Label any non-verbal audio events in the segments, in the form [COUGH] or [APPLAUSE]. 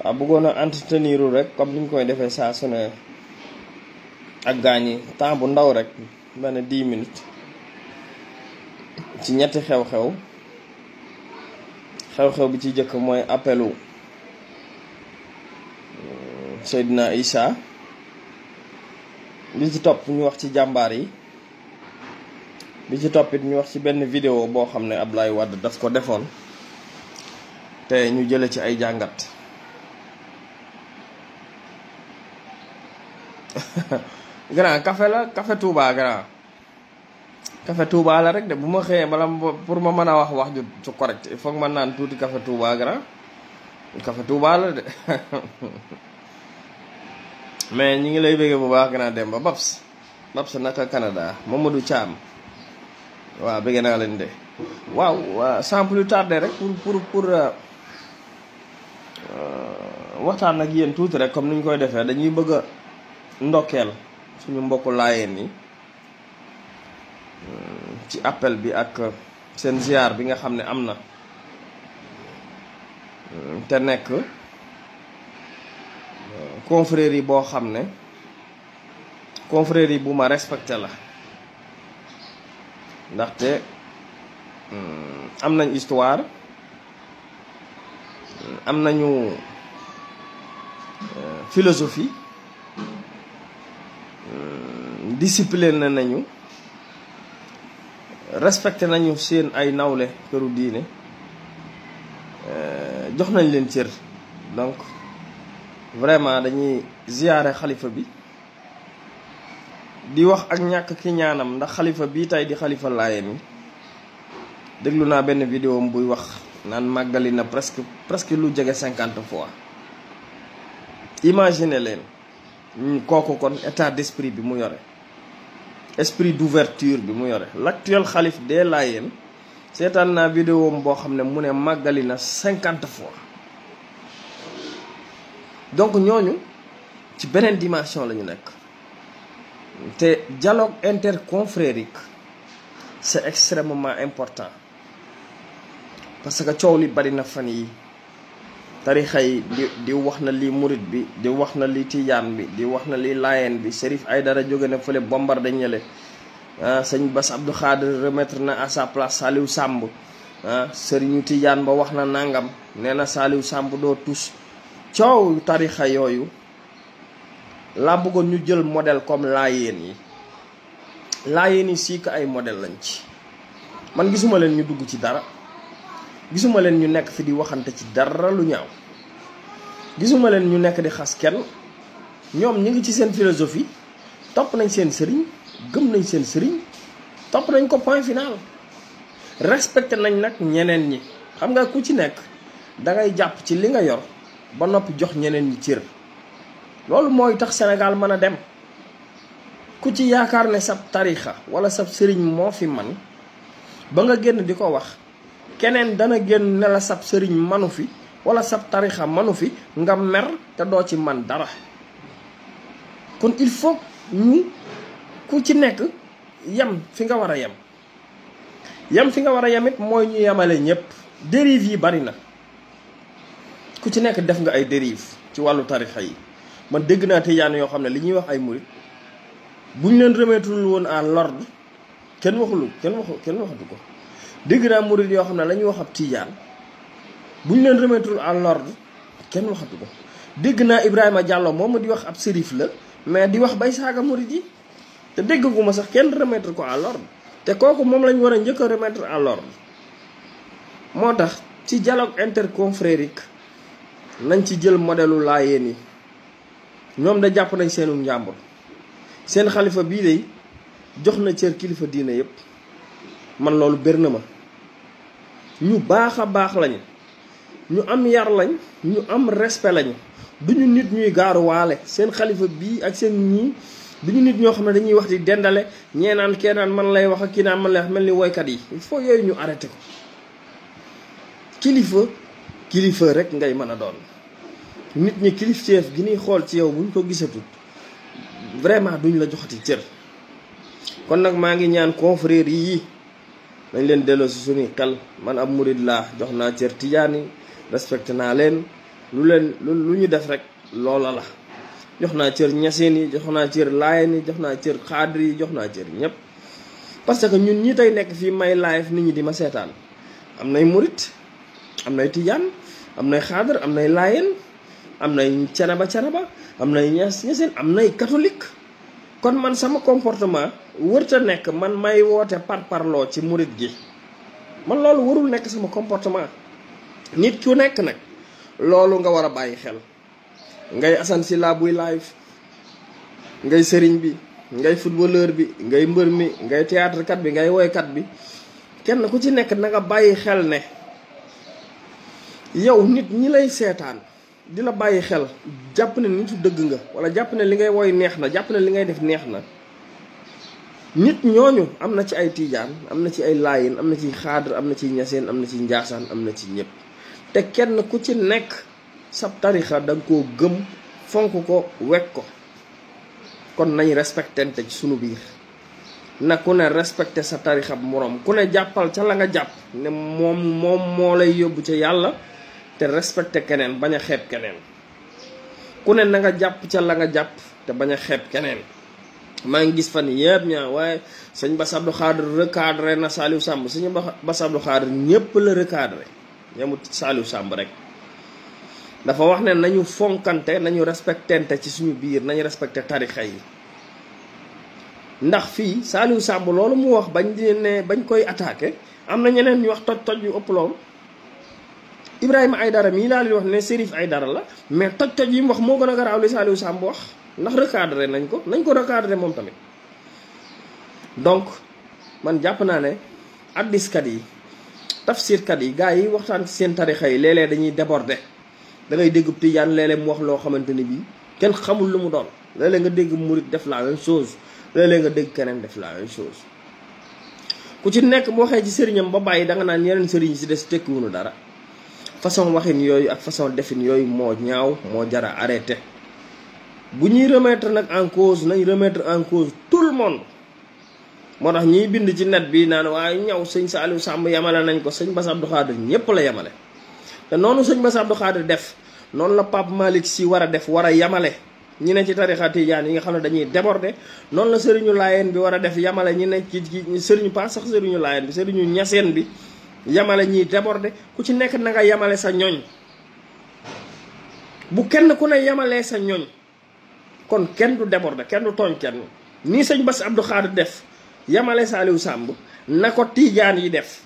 waaw bëggoon a entretenir rek comme ni ñu koy defee saa su ne ak gaañ yi temps bu ndaw rek benn dix minutes ci ñetti xew-xew xew-xew bi ci jëkk mooy appelu euh, Seydina Isa li ci topp ñu wax ci jàmbaar yi li ci toppit ñu wax ci benn vidéo boo xam ne ab Ablaye Wade daf ko defoon te ñu jële ci ay jàngat [LAUGHS] grand café la café Touba grand café Touba la rek de bu ma xëyee bala pour ma mën a wax wax ju su correct il ma naan tuuti café Touba grand café Touba la de [LAUGHS] mais ñu ngi lay bëggee bu baax grand dem ba Babs Babs naka Canada Mamadou Thiam waaw bëggee naa leen de waaw sans plus rek pour pour euh, euh, waxtaan nag yeen tuuti rek comme ni ñu koy defee dañuy bëgg ndokkeel suñu mbokku laayeen yi ci appel bi ak seen ziar bi nga xam ne am na te nekk confrères yi boo xam ne confrères yi bu ma respecté la ndaxte am nañ histoire am nañu euh, philosophie discipline nañu respecté nañu seen ay nawle këru diine euh, jox nañ leen cër donc vraiment dañuy ziyaare xalifa bi di wax ak ñàkk ki ñaanam ndax xalifa bii tey di xalifa laayeen yi déglu naa benn vidéo am buy wax naan màggali na presque presque lu jege cinquante fois imagine leen Mm, kooku kon état d'esprit bi mu yore esprit d'ouverture bi mu yore l'actuel xalif des Layènes seetaan naa vidéo am boo xam ne mu ne màggali na cinquante fois donc ñooñu ci beneen dimension la ñu nekk te dialogue interconfrérique c'est extrêmement important parce que coow li bari na fan yi tarixa yi di di wax na lii murit bi di wax na li tijaan bi di wax na lii layen bi Serif dara jóge na fële bombardé ñële ah, sëñ Bass Abdou Khadir remettre na à sa place Saliou Samb ah, sëriñu tijaan ba wax na nangam nee na Saliou Samb doo tus coow tarixa yooyu laa bëggoon ñu jël model comme laayeen yi laayeen yi sii ko ay modèle lañ ci man gisuma leen ñu dugg ci dara gisuma leen ñu nekk fi di waxante ci dara lu ñaaw gisuma leen ñu nekk di xas kenn ñoom ñu ngi ci seen philosophie topp nañ seen sëriñ gëm nañ seen sëriñ topp nañ ko point final respecté nañ nag ñeneen ñi xam nga ku ci nekk da ngay jàpp ci li nga yor ba noppi jox ñeneen ñi cër loolu mooy tax Sénégal mën a dem ku ci yaakaar ne sab tarixa wala sab sëriñ moo fi man ba nga génn di ko wax keneen dana génn nela sab sëriñ manu fi wala sab tarixa manu fi nga mer te doo ci man dara kon il faut ñu ku ci nekk yem fi nga war a yem yam fi nga war a yem mooy ñu yemale ñëpp dérive yi bari na ku ci nekk def nga ay dérive ci wàllu tarixa yi man dégg naa tijaan yoo xam ne li ñuy wax ay murit bu ñu leen remettre woon à l'ordre kenn waxulu kenn waxu kenn waxatu ko dégg naa murid yoo xam ne la wax ab tiijaan bu ñu leen remettre à l'ordre kenn waxatu ko dégg naa Ibrahima Diallo moom ma di wax ab sérif la mais di wax bay saaga murid yi te dégguma sax kenn remettre ko à l'ordre te kooku moom lañu war a njëkk a remettre à l'ordre moo tax ci dialogue interconfrérique nañ ci jël modelu laayeen yi ñoom da jàpp nañ seenu njàmbur seen xalifa bii de jox na cër kilifa diina yépp man loolu bér na ma ñu baax a baax lañu ñu am yar lañ ñu am respect lañu duñu nit ñuy gaaruwaale seen xalifa bii ak seen ñii duñu nit ñoo xam ne dañuy wax di dendale ñee naan kee naan man lay wax ak kii naan man mel ni woykat yi il yooyu ñu arrêté ko kilifa kilifa rek ngay mën a doon nit ñi kilifteef gi ñuy xool ci yow buñ ko gisatul vraiment duñ la joxati cër kon nag maa ngi ñaan confrères yi dañ leen delloo si suñuy xel man ab murid laa jox naa cër tijaan yi respecté naa leen lu leen lu ñu def rek loola la jox naa cër ñaseen yi jox naa cër laayeen yi jox naa cër xaadir yi jox naa cër ñëpp parce que ñun ñi tey nekk fii may live nit ñi di ma seetaan am nay murit am nay tijaan am nay xaadir am nay laayeen am nay canaba canaba am nay ñas ñaseen am nay catholique kon man sama comportement wër wërta nekk man may woote par parloo ci murit gi man loolu warul nekk sama comportement nit ku nekk nag loolu nga war a bàyyi xel ngay Assane Sylla buy live ngay sëriñ bi ngay footballeur bi ngay mbër mi ngay théâtre kat bi ngay woykat bi kenn ku ci nekk na nga bàyyi xel ne yow nit ñi lay seetaan di la bàyyi xel jàpp ne nitu dëgg nga wala jàpp ne li ngay woy neex na jàpp ne li ngay def neex na nit ñooñu am na ci ay tiijaan am na ci ay laayin am na ci xaadar am na ci ñaseen am na ci njaasaan am na ci ñëpp te kenn ku ci nekk sab tarixa da nga koo gëm fonk ko wekk ko kon nañ respectante ci sunu biir na ku ne respecté sa tarixa moroom ku ne jàppal ca la nga jàpp ne moom moom moo lay yóbbu ca yàlla te respecté keneen bañ a keneen ku ne na nga jàpp ca la nga jàpp te bañ a xeeb keneen maa ngi gis fan yëpp ñaa waaye sañ Bass Abdou Khadre recadré na Saliou Samb sëñ Bass Abdou Khadre ñëpp la recadré yemut Saliou Samb rek dafa wax ne nañu fonkante nañu respectante ci suñu biir nañu respecté tarixa yi ndax fii Saliou Samb loolu mu wax bañ di ne bañ koy attaqué am na ñeneen ñu wax toj toj yu ëpp loolu Ibrahima Aïdara mii laa leen wax ne ay dara la mais toj toj yi mu wax moo gën a garaaw li Saliou Samb wax ndax recadré nañ ko nañ ko recadré moom tamit donc man jàpp naa ne addiskat yi tafsirkat yi gars yi waxtaan ci seen tarixa yi léeg dañuy déborder da ngay dégg tijaan léeg-léeg mu wax loo xamante ni bii kenn xamul lu mu doon léeg nga dégg murit def la même chose léeg-léeg nga dégg keneen def laa même chose ku ci nekk boo waxee ci sëriñam ba bàyyi da nga naan yeneen sëriñ si des tekkiwunu dara façon waxin yooyu ak façon defin yooyu moo ñaaw moo jara arrêté bu ñuy remettre nag en cause nañ remettre en cause tout le monde moo tax ñiy bind ci net bi naan waaye ñaw sëñ sa Saliou Samb yemale nañ ko sëñ Bass Abdou Khadre ñépp la yemale te noonu sëñ Bass Abdou Khadre def noonu la Pape Malick Sy war a def war a yemale ñi ne ci tarixa tijaan yi nga xam ne dañuy déborder noonu la sëriñu laayeen bi war a def yamale ñi ne ci sëriñu pas sax sëriñu laayeen bi sëriñu ñaseen bi yamale ñiy déborder ku ci nekk na nga yamale sa ñoñ bu kenn ku ne yamalee sa ñoñ kon kenn du déborder kenn du tooñ kenn nii sëñ Bass Abdou Khadre def yamale Saliou Samb na ko tiijaan yi def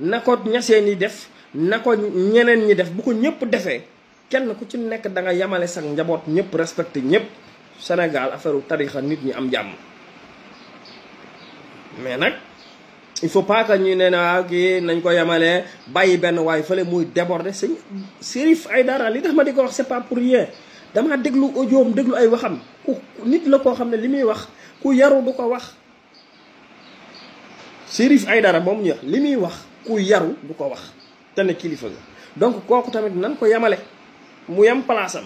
na ko ñaseen yi def na ko ñeneen ñi def bu ko ñëpp defee kenn ku ci nekk da nga yamale sax njaboot ñëpp respecté ñëpp Sénégal affaire tarixa nit ñi am jàmm mais nag il faut pas que ñu ne na ah, nañ ko yemalee bàyyi benn waay fële muy déborder sëñ Chérif Aïdara li tax ma di ko wax c'est pour rien damaa déglu audioom déglu ay waxam ku nit la koo xam ne li muy wax ku yaru du ko wax Chérif Aïdara moom ñu li muy wax ku yaru du ko wax te ne kilifa nga donc kooku tamit nan ko yemale mu yem palaasam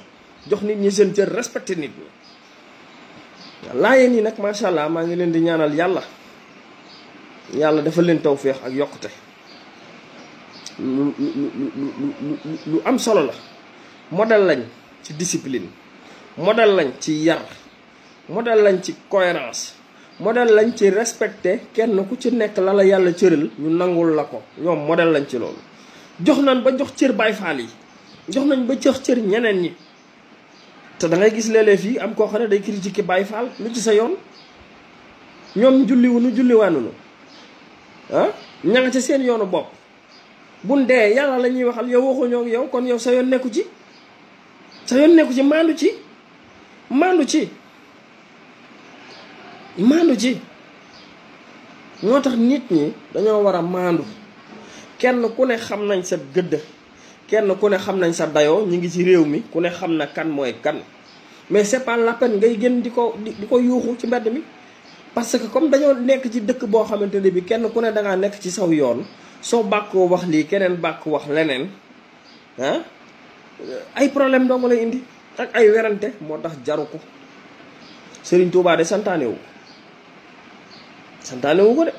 jox nit ñi seen cër respecté nit ñi laayeen yi nag macha allah maa ngi leen di ñaanal yàlla yàlla dafa leen taw feex ak yokkute lu lu lu lu am solo la modèle lañ ci discipline modèle lañ ci yar modèle lañ ci cohérence modèle lañ ci respecté kenn ku ci nekk la la yàlla cëral ñu nangul la ko ñoom modèle lañ ci loolu jox nañ ba jox cër Baay Faal yi jox nañ ba jox cër ñeneen ñi te dangay gis léeg-léeg fii am koo xam ne day critiquer Baay Faal lu ci sa yoon ñoom julliwunu julliwaanunu ah ña nga ca seen yoonu bopp bu bun dee yàlla la ñuy waxal yow waxuñoo yow kon yow sa yoon nekku ci sa yoon nekku ci maandu ci maandu ci maandu ci moo tax nit ñi dañoo war a maandu kenn ku ne xam nañ sa gëdd kenn ku ne xam nañ sa dayoo ñu ngi ci réew mi ku ne xam na kan mooy kan mais c'est pas la ngay génn di ko di ko yuuxu ci mbedd mi parce que comme dañoo nekk ci dëkk boo xamante ne bi kenn ku ne dangaa nekk ci saw yoon soo bàkkoo wax lii keneen bàkk wax leneen ah ay problème dong lay indi ak ay werante moo tax jaru ko Serigne Touba de santaane wu santaane ko de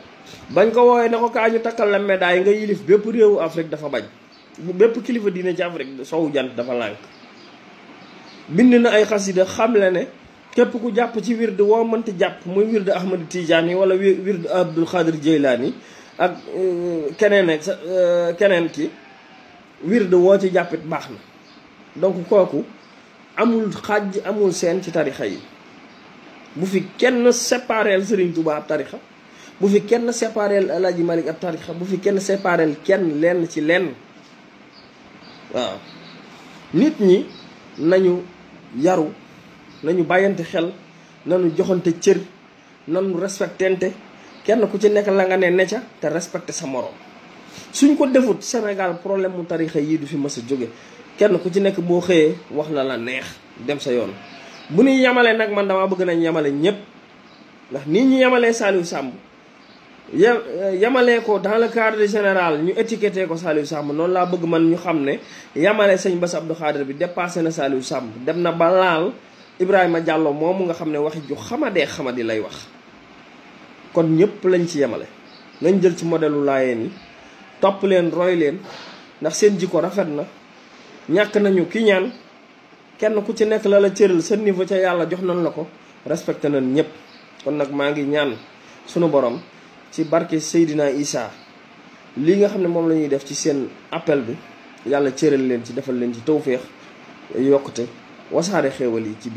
bañ ko woowee ne ko kaa ñu takkal la médaille nga yilif bépp réewu Afrique dafa bañ bépp kilifa diine ci Afrique sowu jant dafa lànk bind na ay xasida xam la ne képp ku jàpp ci wird woo mënti jàpp muy wird Ahmad Tidiane yi wala wird Abdul Xaadir Jeylaani yi ak euh, keneen ak euh, keneen ki wird woo ci jàppit baax na donc kooku amul xàjj amul seen ci tarixa yi bu fi kenn sépareel Serigne Touba ab tarixa bu fi kenn sépareel El Hadj Malick ab tarixa bu fi kenn sépareel kenn lenn ci lenn waaw nit ñi nañu yaru nañu bàyyante xel nanu joxante cër nañu respectante kenn ku ci nekk la nga ne ne ca te respecté sa morom suñ ko defut Sénégal problème mu tarixa yii du fi mës jóge kenn ku ci nekk boo xëyee wax la la neex dem sa yoon bu ñu yemale nag man damaa bëgg nañ yamale ñëpp ndax nit ñi yemalee Saliou Samb yemalee ko dans le cadre général ñu étiqueté ko Saliou Samb noonu laa bëgg man ñu xam ne yemale sëñ Bass Abdou Khadre bi dépassé na Saliou Samb dem na ba laal Ibrahima Diallo moomu nga xam ne waxi ju xamadee xamadi lay wax kon ñëpp lañ ci yemale nañ jël ci modelu laayeen ni topp leen roy leen ndax seen jikko rafet na ñàkk nañu ki ñaan kenn ku ci nekk lala la cëral sa niveau ca yàlla jox nañ la ko respecté nañ ñëpp kon nag maa ngi ñaan sunu borom ci barke Seydina Issa lii nga xam ne moom la ñuy def ci seen appel bi yàlla cëral leen ci defal leen ci tawféex yokkute wasaare xéewal yi ci biir